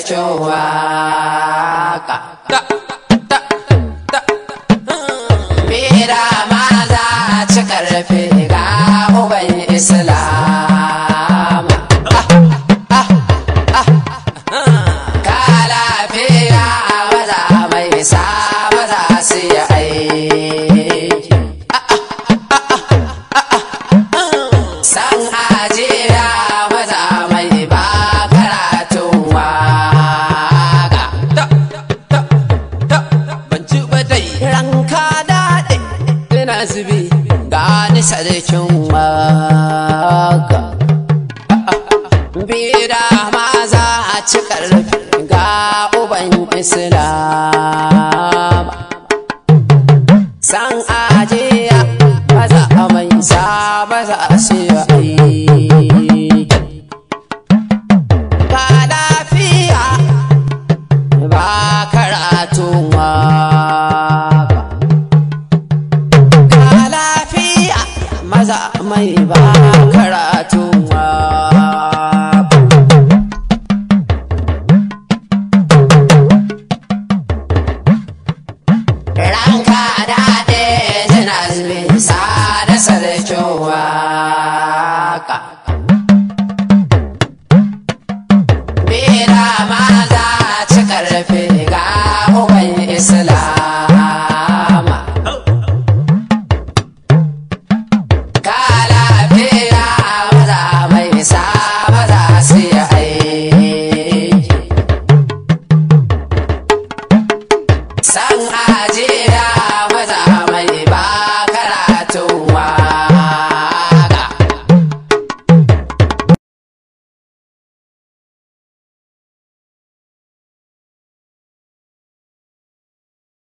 cikin waka Mira ma za a ci zubi gani sarkin waka bira maza a cikar ga uban islam san ajiya maza a mai sa maza a sa mai ba karatun ranka da ɗe jina da sarkin waka bera ma za ci karfe ga uban islam vontade.